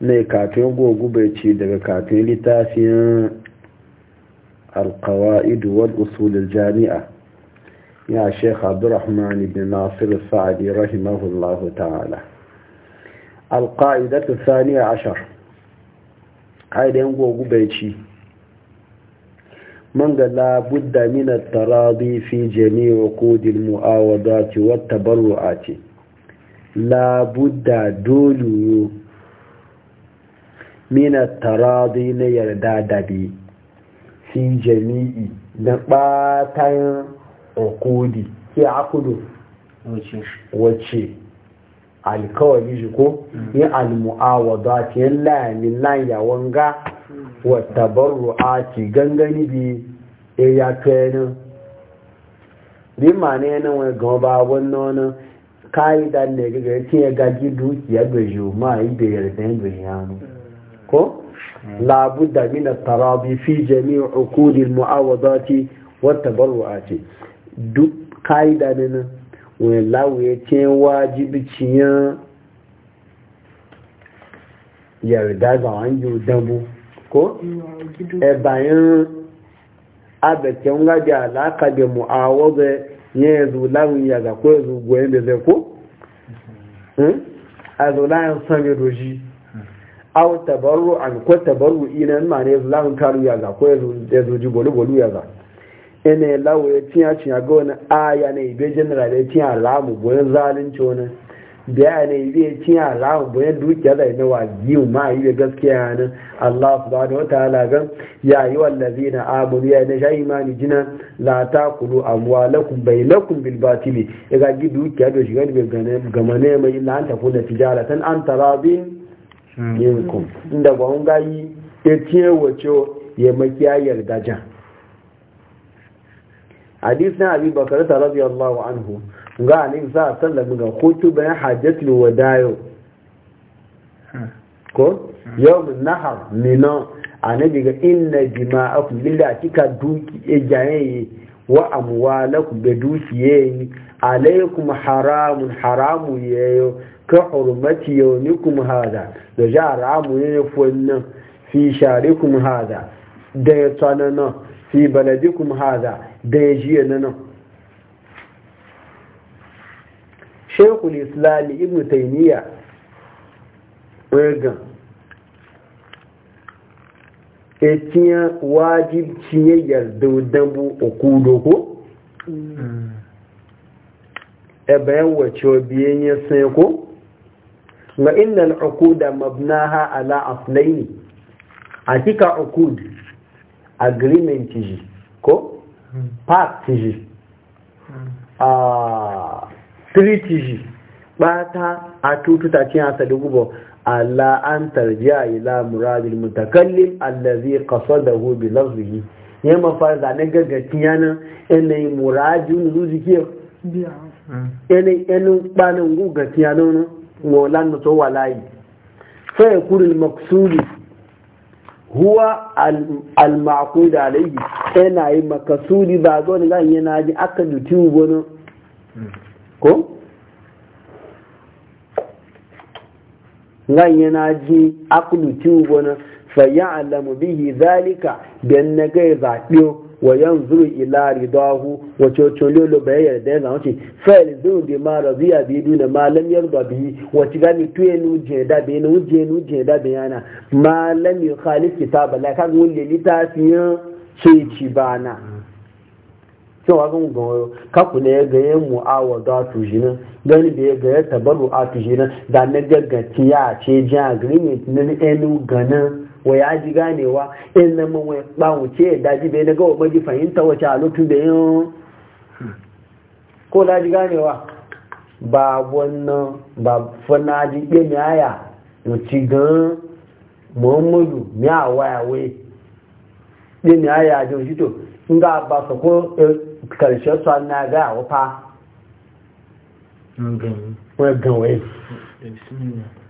na kafin gogu bai ce daga kafin littafin alkawa'idu wal usulul jami'a ya sheikh abdurrahman ibn nasir sa'adi rahimahullahu ta'ala alka'idatu saniya ashar haidayen gogu bai ci من قال لا بد من التراضي في جميع عقود المعاوضات والتبرعات لا بد دولو mina taradi na yarda da bi fi jami'i da ɓatayin okudi ke akudu wace alkawari shi ko yi almu'awada ce yin nan layawon ga wata a ci gangani bi e ya kwenin bi ma ne yana wani gama ba wannan kayi da ne gaga ce ya gaji dukiya da yi da yarda yin ko labudda min at-tarabi fi jami' uqud al-mu'awadati wat-tabarru'ati duk kaida ne na wani lawuye ce wajibiciyan yarda ga wani yau dabu ko e bayan abekin gaji alaka da mu'awaza ya yi zulawun yaga ko ya zugoyen da zai ko? Hmm? a zulayen son yi roji aw tabarru an ko tabarru ina ma ne lahun karu ya za ko ya ya ji bolu bolu ya za ene lawo ya tiya ciya go na aya ne be general ya tiya lamu boyan zalunci be aya ne ibe tiya lamu ya dukiya da ne wa giu ma yi da gaskiya ne Allah subhanahu wa ta'ala ga ya yi wallazi na amuru ya na shay imani jina la ta amwalakum bainakum bil batili ya ga gi dukiya da shiga ne gamane mai illa an tafi da tijaratan an tarabin Mm. minkum inda ba gayi ya ce wace ya makiya yarda jan hadisin abi bakar ta radiyallahu anhu ga alim za a sallami ga hutu bayan hajjatul wadayo hmm. ko yau yawmin nahar minan annabi ga inna jima'akum lillahi kika duki ejaye wa amwalakum da dukiye alaikum haramun haramu yayo ka hurmati yawmikum hada da ja haramu ne fonnan fi sharikum hada da ya tsanana fi baladikum hada da ya jiya nan shekul islam ibn taymiya wegan etiyan wajib ya yarda dambu okudo ko bayan wace biyan ya sai ko ga innal uquda mabnaha ala aslaini hakika uqud agreement ji ko hmm. pact ji hmm. a ah, treaty ji bata a tututa cin hasa da gubo ala an tarjiya ila muradil mutakallim allazi qasadahu bi lafzihi ne mafarza na gaggatiya yana yanayin muradin zuwa ẹni ẹni kpanu ngu gatiya nínú wọn lánà tó wà láàyè fẹ́ẹ̀ kúrò maksudi huwa almaku da alayhi yana yi makasudi ba zo ni gan yana ji aka duti wani ko gan yana ji aka duti fa ya'lamu bihi zalika dan na gaya zaɓiyo wa yanzu ila ridahu wa cocolo lo bai yarda yana wuce fa'il zun bi ma radiya bi duna ma lam yarda bi wa tiga mi tuye nu je da be nu je nu je da be yana ma lam yukhalif kitab Allah ka gun le litafiyan sai ci bana to wa gun gun ka ku ne ga yan mu'awada tu jina gani be ga ya tabaru a tu jina da ne ga ga tiya ce jan agreement ne enu ganan wa ya ji ganewa in nan mun wai bawo ce da ji bai daga gawa maji fahimta wace a lokacin da yin ko da ji ganewa ba wannan ba fana ji ɗe mi aya mu ci gan muhammadu mi a waya wai ɗe mi aya ji wuce to in ga ba su ko eh, karshen su na ga wa fa wai gan wai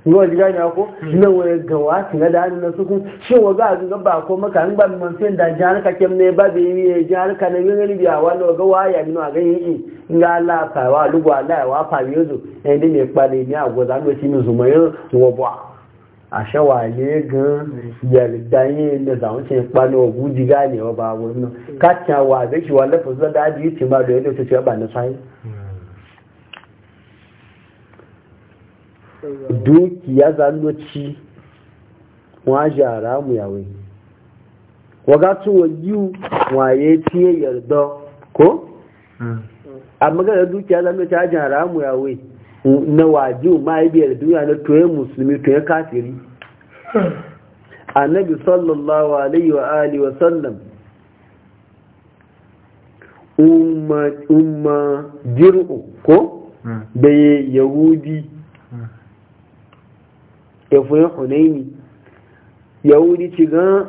ruwa ji gani ko? nan wani gawa su na da hannun su kun shi wa za a zuga ba ko maka an ban man fiyan da jihar ka kem ne ba da yi eh, jihar ka na yin ribi a wani wa gawa ya minu a ganin yi in eh. ga Allah ka wa lugu Allah ya wa fami yanzu eh, ya yi mai kpale ni a gwaza ga shi min zuma yin wabwa a shawale gan yarda yin da zaun cin kpali wa guji gane e wa ba wurin nan ka wa zai shi wa lafa zuwa da yi ce ma da yadda ta ce ba na sayi dukiya zanoci wa jara mu yawai wagatun wajiyu waye ciye yarda ko? Hmm. a maganar dukiya zanoci a jara mu yawai na wajiyu ma yi biyar duniya na toye musulmi toye kafiri annabi sallallahu alaihi wa ali wa sallam umma jir'u ko? Hmm. da yahudi efoyin hunaini yahudi ci gan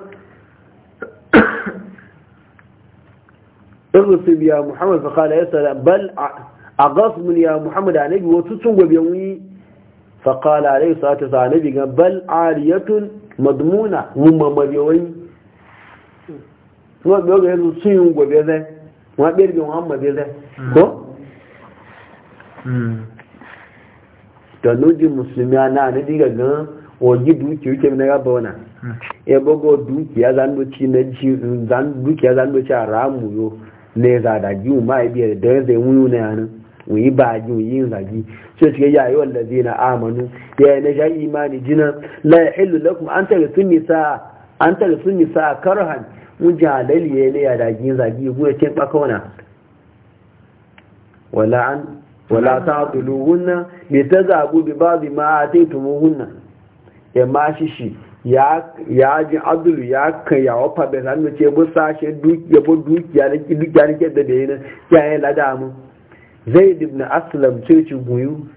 irusub ya muhammad fakala ya sara bal a gasmun ya muhammad a nabi wasu sun gobe wuyi fakala alaihi sata sa nabi gan bal ariyatun madmuna mumma mabewai wọn bẹ ga yanzu sun yi gobe zai wọn bẹ ga muhammad zai ko hmm. Hmm. da di musulmi na na diga gan waje dukiya yake na gaba wana e ya bago dukiya zandoci na a ramu yo ne za da ji ma e e ya da zai wuyu na yanin wuyi ba ji wuyi zagi sai suke ya wanda zai na amanu ya yi na sha imani jina la ya an taga sun nisa karhan ya ne ya ya wala ta tulu hunna bi ta zabu bi ba zi ma a taitu mu hunna ya ma shi shi ya ji abdul ya kan ya wafa bai sanu ce bu sashe dukiya bu dukiya na ki dukiya na ke da bai nan yayin lada mu zaid ibn aslam ce ci guyu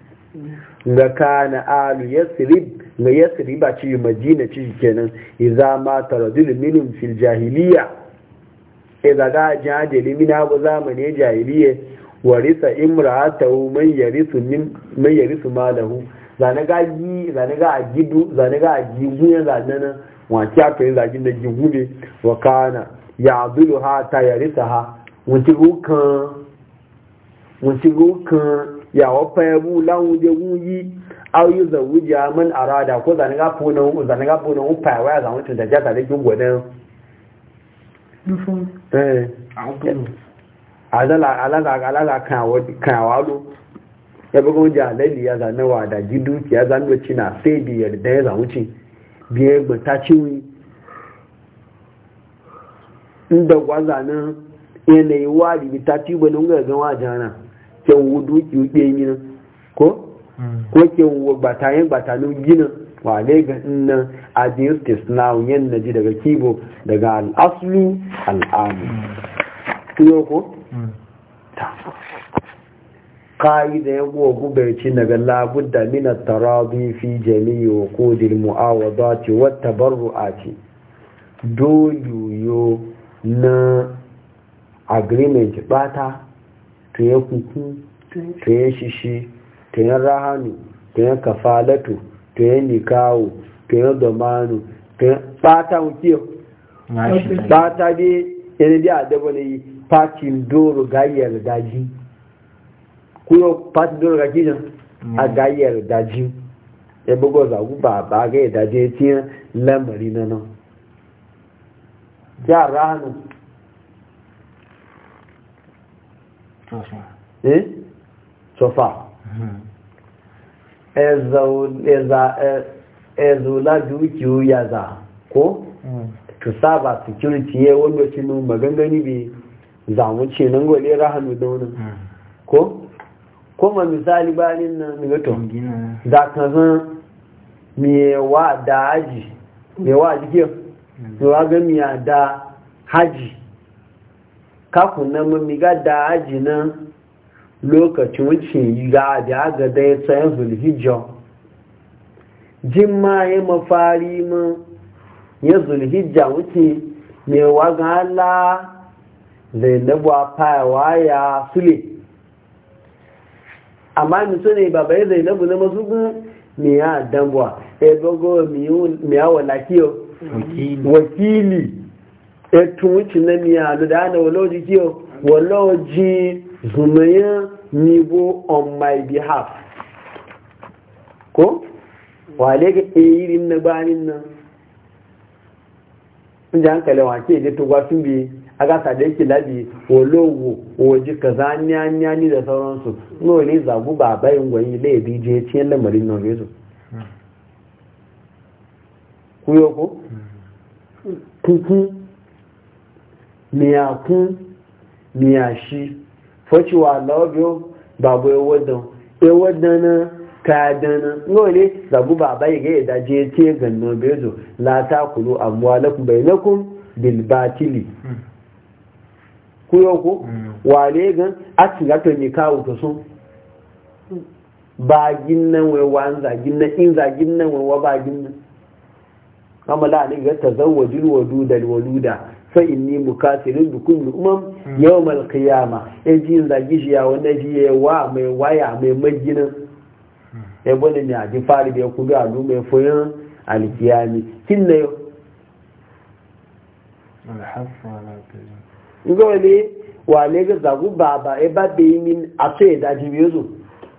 ga kana alu yasrib ga yasrib ba ci madina ci kenan idza ma tarajul minhum fil jahiliya idza ga jahili mina bu zamane jahiliya warisa imra'atahu man yarisu min man yarisu malahu zane ga gi zane ga gidu zane ga gigu ya zane na wa kiya to yin zagin da gigu ne wa kana ya'dulu ha ta yarisa ha wunti rukan kan ya wa fayabu lawun de wuyi aw yi zawuja man arada ko zane ga fona zane ga fona un fayawa ya zama tun da jata da gigu da eh alaza kan lo ya buga wajen alalli ya zane wa da ji ya zanuwa ci na sai biyar da ya zamu ci biyar gbata ciwi inda gwaza na yanayi wa ta ci ba nunga ga wajen nan kyan wu duki wuɗe yi ko hmm. ko ke wu gbata yin gbata na ginin wa ne ga nan adin states na ji daga kibo daga al'aslu al'amu hmm. ko ƙa'ida ya gogu barci daga labudda mina tarabi fi jami'i wa kodin mu'awada ce wata a ce doyoyo na agreement bata ta ya kuku ta ya shishi ta ya rahanu ta ya kafalatu ta ya nikawo ta ya domanu ta ya bata wukiyo bata dai yana dai a dabalai na yi patin doro gayyar daji kuyo doro ga mm. a gayyar daji ya e bugo zagu ba ba ga daji e tiyan lamari na nan ya ranu eh sofa ezola la ya ko mm. to saba security ya wanda shi magangani zamun ce nan gole rahanu da wani hmm. ko kuma misali bayanin na migato da ka zan mewa da haji mewa jike hmm. mewa ga miya da haji kakun nan mamiga da haji nan lokacin wuce yi ga da ga dai tsayin zulhijjah jin ma ya mafari ma ya zulhijjah wuce mewa ga Allah Zainabu lagwa fayawa ya sule amma mutu ne baba ya zai lagu na masu me ya dambwa ebogo me ya walakiyo wakili ya wuce na miya da ana waloji kiyo waloji zumayen nibo on my behalf ko wale ga e irin na banin nan inda hankali wake da tugwa sun biye aka sade ki labi olowo waje kaza nyanya ni da sauransu no ne zagu ba bayin gwani da ya bije cikin lamarin nan yesu kuyo ko kuku miyakun miyashi facewa labiyo babu yawadan yawadan na kadana nole zagu ba bayi ga yadda je ce gannan bezo la ta kulu amwalakum bainakum bil batili kuyo ko mm. wale gan a ciga to ni kawo to sun bagin nan wai wa an zagin nan in zagin nan wai wa ba ginnan. kama la ne ga tazawwajul waduda waluda fa inni mukasirin bi kulli umam mm. yawmal qiyama e ji in zagi shi ya wanda ji wa mai waya mai majinin mm. e bone ne a ji fari da ku ga lu mai foyan alkiyami kin ne alhafu nígbà wọlé wà ní ga zagu baba e ba be min a ce da ji biyo zo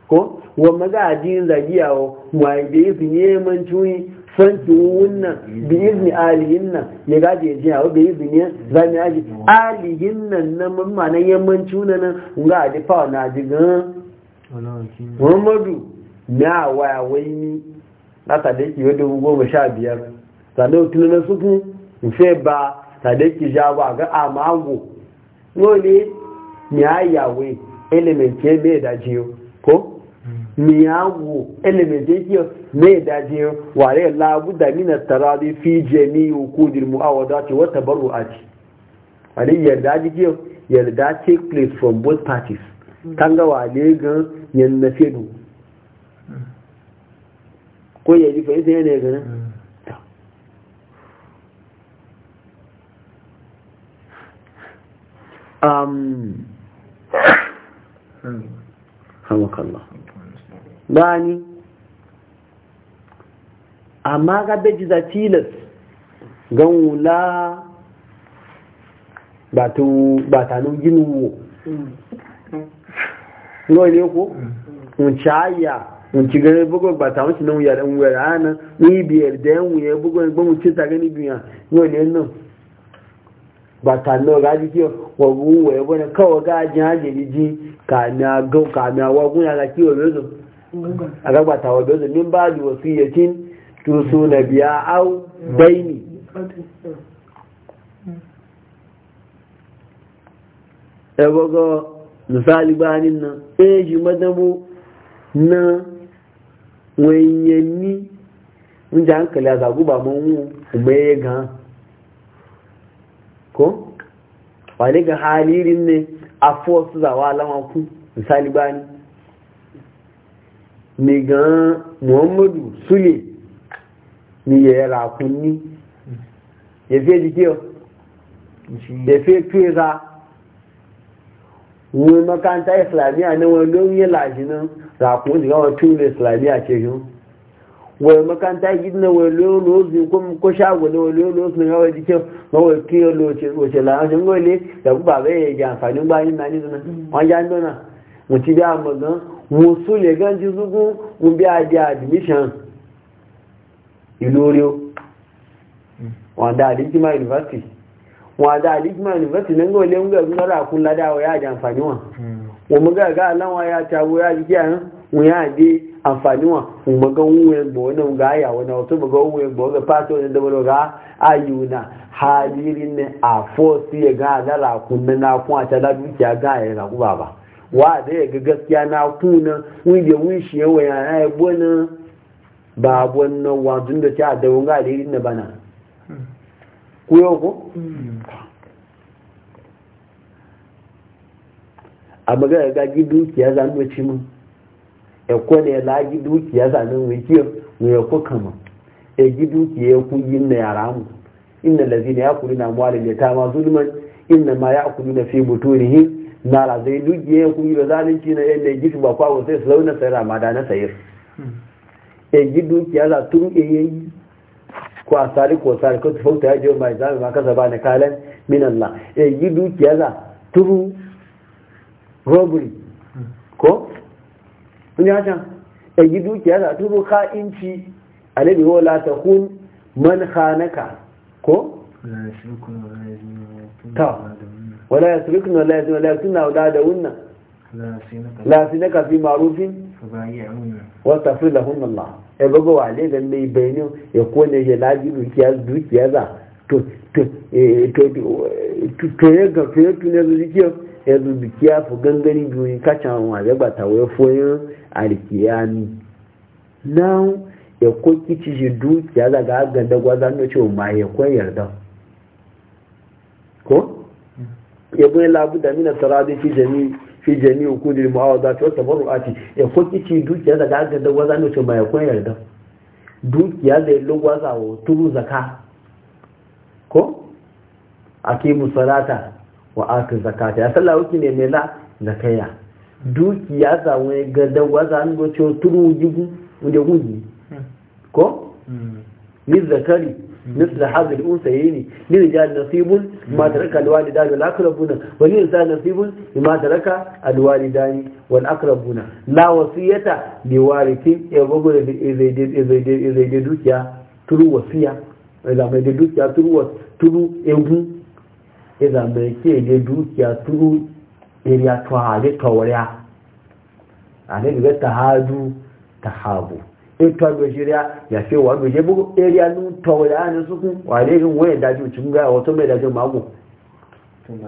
ko wa maga ajin zagiyawo wa be bi ne man cuyi san wannan bi izni alihin nan ya gaje ji a bi izni za mu aji alihin ìsìn na mun ma na yamman cuna nan ga aji fa na ji gan Muhammadu na waya wai ni na sadaki yau dubu goma sha biyar sannan tunanin suku in wọ́n ní ní àyàwó ẹlẹ́mẹ̀tì mẹ́ẹ̀dájí o kó ní àwò ẹlẹ́mẹ̀tì kí o o wà rẹ̀ láàbùdà nínà tàrà rí fi jẹ ní òkú dìrìmù àwọ̀dá ti wọ́n tàbọ̀rù àti wàdí yẹ̀dá kanga gan na fẹ́ sẹ́yìn náà Um, bani amma ga beji za tilas gan ba ta nun gini wo ne ko? wunci haya wunci gani bugun ba ta wunci nan wuyar ana ni biyar da yan wuya bugun ta gani biya ne nan bàtà náà rájú kí ọ̀rọ̀ owó ẹ̀ wọ́n ka gáàjì ájèlì jí kàmì agán kàmì awọ́gún yàrá kí ọ̀rẹ́zọ̀ agbàgbàtà ọ̀rẹ́zọ̀ ní bá lù ọ̀sí yẹ kí na so nàbí daini e bẹ́ẹ̀nì ẹgbọ́gọ́ misali gbá nínú èjì mọ́dánwó náà wọ́n yẹ ní oúnjẹ àǹkẹ̀lẹ̀ àzàgúbà gan ko wani ga halirin ne a fosu zawa ku misali bani ni gan muhammadu sule ni ya yara kunni ya fiye jikiyo ya fiye tuweza wani makanta islamiyya ne wani don yi lashi nan rakun shiga wa tuweza islamiyya ce shi wai makanta gidi na wai lolo su ko ko shago na wai lolo su na wai dikin ma wai kiyo loce loce la an go le da ku ba bai ya amfani ba yin nani zuna an ja ndona mu ti da magan mu su le gan ji zugu mu bi a di admission ilorio wọn da alikima university wọn da alikima university na go le mu ga ngara kun ladawa ya ji amfani hmm. wa mu ga ga lawa ya tawo ya ji kiyan wuya de amfani wa maga wuwe ga ya wani wato maga wuwe gbo ga fato wani dabalo ga ayuna halirin ne a fosi ya ga na na na kun a ta da dukiya ga ya raku ba wa da ya ga gaskiya na kuna wuje wishi ya waya na ya bona ba bona wa tun da ta na ya ne ya lagi duki nan zanen wikiyo mu ya ku kama ya gi ya ku yin na yara mu inna lazina ya kuri na mwale ta ma zulman inna ma ya kuri na fi buturi hi na zai dukiya ya ku yi ba zanen na ya ne ba kwa sai su launa sayar amada na sayar ya gi za turu ya yi ko a sari ko sari ko tufauta ta jiwa mai zami ma kasa ba na kalan min Allah ya gi za turu robbery ko kun ya can yi dukiya za turu ka'inci a nabi wala ta hun man hanaka ko? ta wala ya sulukun wala ya zina wala ya suna wala da wunna la fi naka fi marufin wata fi lahun Allah ya gaba wa ne da mai bayanin ya kone ya laji dukiya dukiya za to ya ga fiye tunai zuciyar yanzu biki ya fi gangani biyu kacin wa zagba ta wai dukiya daga agan da gwaza no ce ma ya kwan yarda labu da mina sarari fi jami fi jami hukudin dukiya daga agan da gwaza no ce ma ya kwan yarda dukiya zai wa turu zaka ko akimu wa aka zakata ya sallah wuki ne mela na kaya dukiya ya zawo ya ga dawa za a nuna cewa turu jibu wunde wuji ko ni zakari misal hazari un sayi ne ni da jihar nasibun ma da raka alwali da wani akrabuna wani yin sa nasibun ma da raka da wani akrabuna na wasiyyata wari ke ya gogo da zai dai dukiya turu wasiya zamai turu wasu turu egun iza mai ke da dukiya turu iriya tuwari tauriya a ne daga ta haju ta habu ita gajiriya ya fi wa gaje bugu iriya nun tauriya ne suku wane yin wayan daji cikin gaya wato mai dajin mago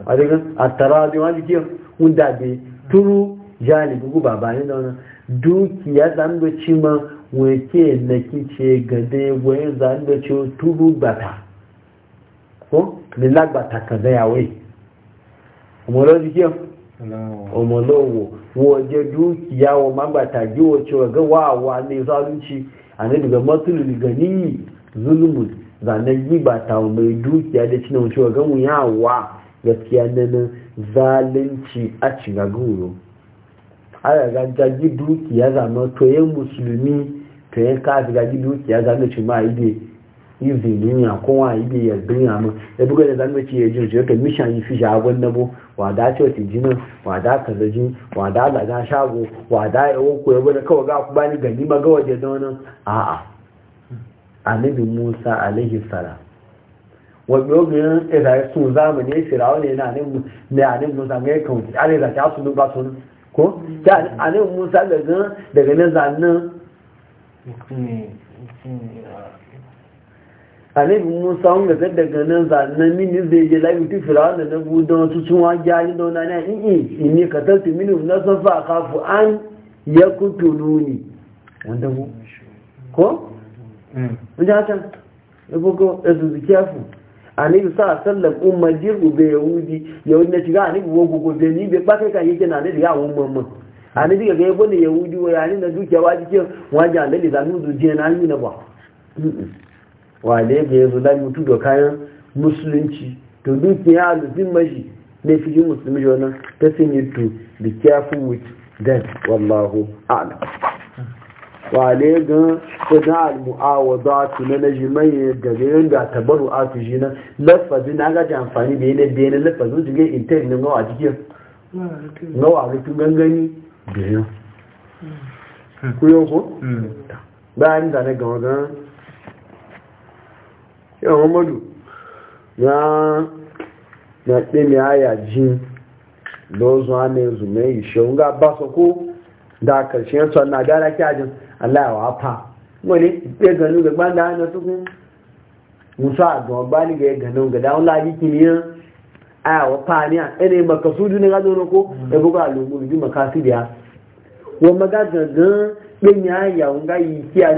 a daga a tara da wani ke hunda bai turu jani bugu ba bayan da wani dukiya zan da cima wake na kice gade wayan zan da ce turu bata ní lágbàtà kan dáyàwó yìí ọmọ lọ́dún kí ọ ọmọ lọ́wọ́ wọ́n jẹ́ dúkìá wọn wa gbàtà jí wọ́n tí wọ́n gẹ́ wà wà ní sálúchi ànídìgbà mọ́tìlù nìkan ní zulumu zane gbígbàtà ọmọ dúkìá dé tí wọ́n tí gaskiya nínú zalunci a cìgá gúrò ayaga jagi dukiya zama to musulmi to yin kafin gaji dukiya zama ci ma ide Izi izini ya kowa ibi ya dunya mu ya buga da zan mace ya jirje ka mishan yi fi shagon na bu wa da ce wata jinin wa da kazaji wa da laga shago wa da ya woko ya bada kawai ga ku bani gani ma ga waje da wani a'a annabi musa alaihi salam wa dogon ya zai sun zamani ya firawo ne na annabi ne annabi musa ga kan alai da ta su ba sun ko ta annabi musa daga daga nan zannan alebi musa dẹgẹ ga daga nan zanen mini zai je na buɗe wasu sun wa jari da wani ne in in ne ka tattu mini na safa a kafu an ya kutulu ni wanda ko? wanda mm. haka ya boko ya kyafu annabi sa sallam umar jirgu bai yahudi yahudi na shiga annabi wogo gobe ni bai ka kan yake na annabi ya wun mamman annabi ga ga yabo ne yahudi wa yanin na dukiya wa na hannu na ba wale ga yanzu da mutu da kayan musulunci to dukiya aluzin mashi ne fi yi musulmi jona ta sun yi to be careful with them wallahu ala wale gan kudan al-mu'awada tu na najimai da ganin da tabaru a tu shi na lafazin na gaji amfani da yanayi da yanayi lafazin su gai intern na gawa cikin gawa rikin gangani da yau hmm. kuyo ko? Hmm. bayan da na gama gan yawon madu na na ɗini aya jin lozun ana yanzu mai ishe nga ba su ko da karshen ntọ na gara kyajin allah ya wafa wani ɗaya ganu ga gbanda hana tukun musa a gama ga ya ganu ga dawon lagi ya aya wafa ne a ɗaya makasudu ne gazo na ko ya buga alubu ji makasidiya wani ya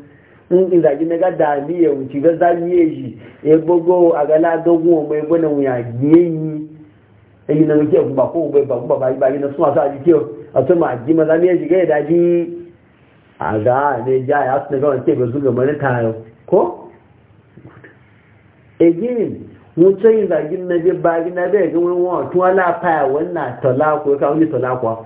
in izagi na ga dami ya wuce ga zami yi ji ya gogo a gala gogo mai wuya yi yi na wuce ba ko bai ba ba bai bai na suna sa jike a su ma ji ma zami ya shiga ya daji a ga ne ja ya su na ga wance ba zuga mani tayo ko again wucin zagin na je ba gina bai ga wani wani tuwa lafaya wannan talako ya kawo ni talakwa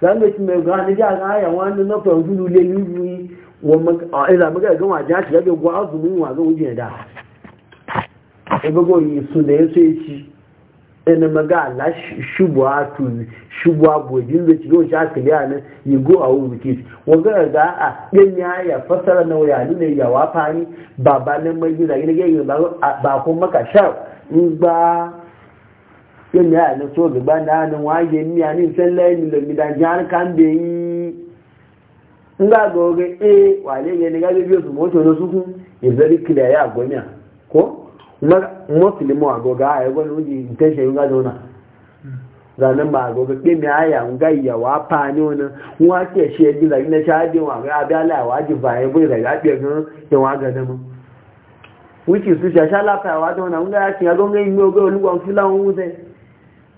zanga ci mai gani ga ya wani na fa zulu le yuyi wa ma ila maga ga ja ci ga gwa azumin wa ga wuje da e ga goyi su ne sai ci ene maga shubu shubwa tu shubwa bo din da ci go ja ka ya yi go a wu ki wa ga ga a din ya ya fasara na waya ne ya wa fani baba na mai gida ne ga ba ko maka sha in yẹn yà ní so gbígbá náà ni wọ́n e, e na yẹ ní àní ìṣẹ́lẹ̀ ìlòmídàjì àríkàndé a ńgbà gbogbo e wà lè yẹn ní gábé bí oṣù mọ́tò ló sunkún ìfẹ́rí kìlẹ̀ ayé àgbọ̀nyà kó mọ́tìlì mọ́ àgọ́gá àyẹ̀kọ́ ni wọ́n ti tẹ́sẹ̀ yóò gájọ náà zanen ba nga wa ni wona wa ke she bi la ina wa ala e wa e la gan wa na mu which is sha sha wa na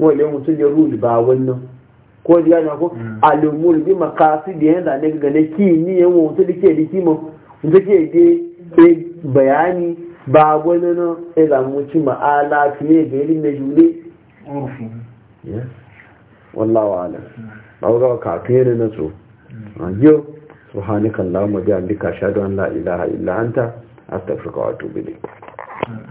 wale mutum ya ruli ba wannan ko ji gane ko alumur bi makasi da yanzu ne ga ne ki ni yan wa mutum dake da kimo mutum ke ge bayani ba wani na ila muci ma'ala fiye da irin ne jule wallawa ala ba ga kafin na so yau subhanakallahumma bihamdika ashhadu an la ilaha illa anta astaghfiruka wa atubu ilayk hmm.